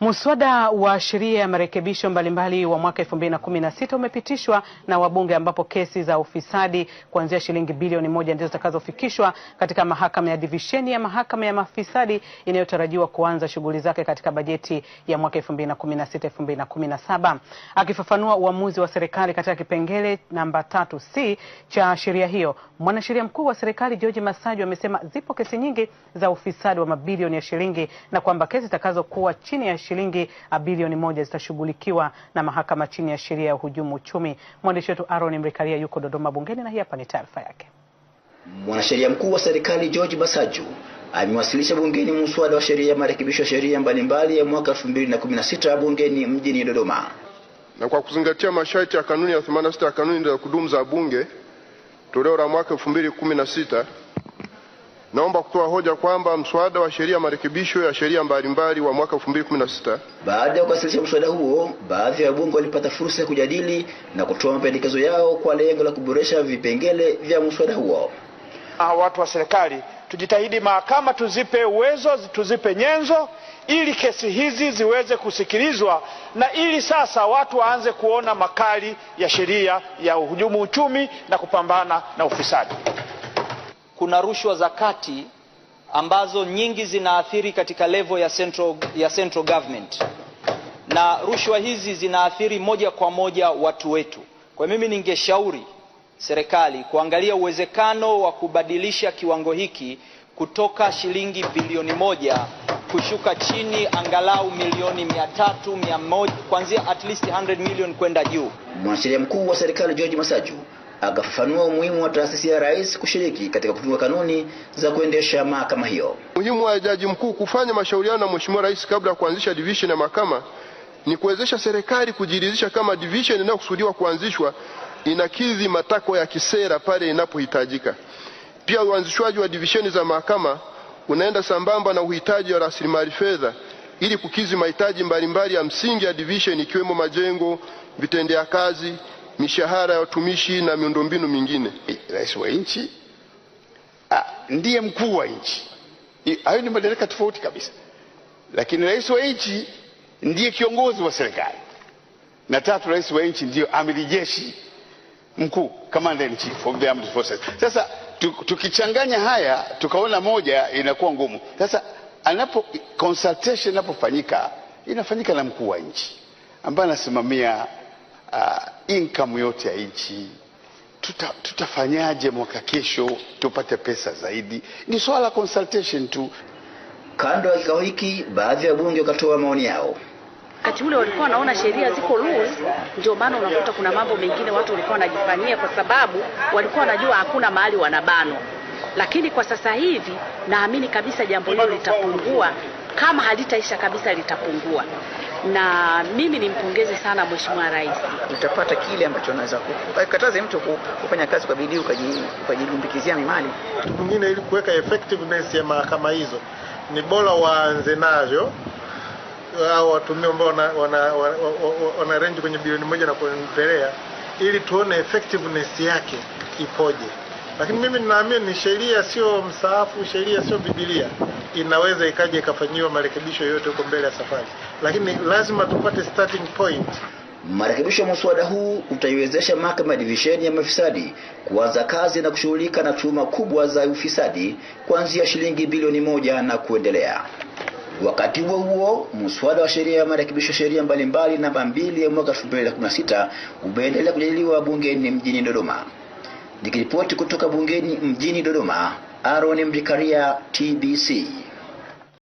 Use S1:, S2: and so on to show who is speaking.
S1: Muswada wa sheria ya marekebisho mbalimbali wa mwaka 2016 umepitishwa na wabunge ambapo kesi za ufisadi kuanzia shilingi bilioni moja ndizo zitakazofikishwa katika mahakama ya divisheni ya mahakama ya mafisadi inayotarajiwa kuanza shughuli zake katika bajeti ya mwaka 2016 2017. Akifafanua uamuzi wa serikali katika kipengele namba 3C cha sheria hiyo, mwanasheria mkuu wa serikali George Masaju amesema zipo kesi nyingi za ufisadi wa mabilioni ya shilingi na kwamba kesi zitakazokuwa chini ya shilingi ah, bilioni moja zitashughulikiwa na mahakama chini ya sheria ya uhujumu uchumi. Mwandishi wetu Aaron Mrikaria yuko Dodoma bungeni na hii hapa ni taarifa yake.
S2: Mwanasheria mkuu wa serikali George Basaju amewasilisha bungeni mswada wa sheria ya marekebisho ya sheria mbalimbali ya mwaka 2016 bungeni mjini Dodoma.
S3: Na kwa kuzingatia masharti ya kanuni ya 86 ya kanuni za kudumu za bunge toleo la mwaka 2016 Naomba kutoa hoja kwamba mswada wa sheria marekebisho ya sheria mbalimbali wa mwaka 2016.
S2: Baada ya kuwasilisha mswada huo, baadhi ya wabunge walipata fursa ya kujadili na kutoa mapendekezo yao kwa lengo la kuboresha vipengele vya mswada huo.
S4: Ah, watu wa serikali tujitahidi, mahakama tuzipe uwezo, tuzipe nyenzo ili kesi hizi ziweze kusikilizwa na ili sasa watu waanze kuona makali ya sheria ya uhujumu uchumi na kupambana na ufisadi
S5: kuna rushwa za kati ambazo nyingi zinaathiri katika levo ya central, ya central government na rushwa hizi zinaathiri moja kwa moja watu wetu. Kwa mimi ningeshauri serikali kuangalia uwezekano wa kubadilisha kiwango hiki kutoka shilingi bilioni moja kushuka chini angalau milioni mia tatu mia moja kuanzia at least 100 million kwenda juu.
S2: Mwanasheria mkuu wa serikali George Masaju akafafanua umuhimu wa taasisi ya rais kushiriki katika kutunga kanuni za kuendesha mahakama hiyo.
S6: Umuhimu wa jaji mkuu kufanya mashauriano na mheshimiwa rais kabla ya kuanzisha division ya mahakama ni kuwezesha serikali kujiridhisha kama division inayokusudiwa kuanzishwa inakidhi matakwa ya kisera pale inapohitajika. Pia uanzishwaji wa divisheni za mahakama unaenda sambamba na uhitaji wa rasilimali fedha ili kukidhi mahitaji mbalimbali ya msingi ya divisheni ikiwemo majengo, vitendea kazi mishahara ya watumishi na miundombinu mingine.
S7: Eh, rais wa nchi ah, ndiye mkuu wa nchi, hayo ni madaraka tofauti kabisa, lakini rais wa nchi ndiye kiongozi wa serikali, na tatu, rais wa nchi ndiyo amiri jeshi mkuu, commander in chief of the armed forces. Sasa tukichanganya haya tukaona moja inakuwa ngumu. Sasa anapo consultation inapofanyika inafanyika na mkuu wa nchi ambaye anasimamia uh, income yote ya nchi tuta, tutafanyaje mwaka kesho tupate pesa zaidi? Ni swala consultation tu.
S2: Kando ya kikao hiki, baadhi ya wabunge wakatoa maoni yao.
S8: Wakati ule walikuwa wanaona sheria ziko loose, ndio maana unakuta kuna mambo mengine watu walikuwa wanajifanyia kwa sababu walikuwa wanajua hakuna mahali wanabanwa, lakini kwa sasa hivi naamini kabisa jambo hilo litapungua, kama halitaisha kabisa litapungua na mimi nimpongeze sana Mheshimiwa Rais.
S9: Utapata kile ambacho unaweza kupa. Kataze mtu kufanya kazi kwa bidii ukajilumbikizia mali.
S10: Kitu kingine ili kuweka effectiveness ya mahakama hizo ni bora waanze nazo au watumie ambao wana, wana, wana, wana range kwenye bilioni moja na kuendelea ili tuone effectiveness yake ipoje, lakini mimi ninaamini ni sheria sio msaafu, sheria sio Biblia inaweza ikaja ikafanyiwa marekebisho yote huko mbele ya safari, lakini lazima tupate starting point.
S2: Marekebisho ya mswada huu utaiwezesha mahakama ya divisheni ya mafisadi kuanza kazi na kushughulika na tuhuma kubwa za ufisadi kuanzia shilingi bilioni moja na kuendelea. Wakati huo huo, mswada wa sheria ya marekebisho sheria mbalimbali namba mbili ya mwaka 2016 umeendelea kujadiliwa bungeni mjini Dodoma. Nikiripoti kutoka bungeni mjini Dodoma. Aaron Mbikaria, TBC.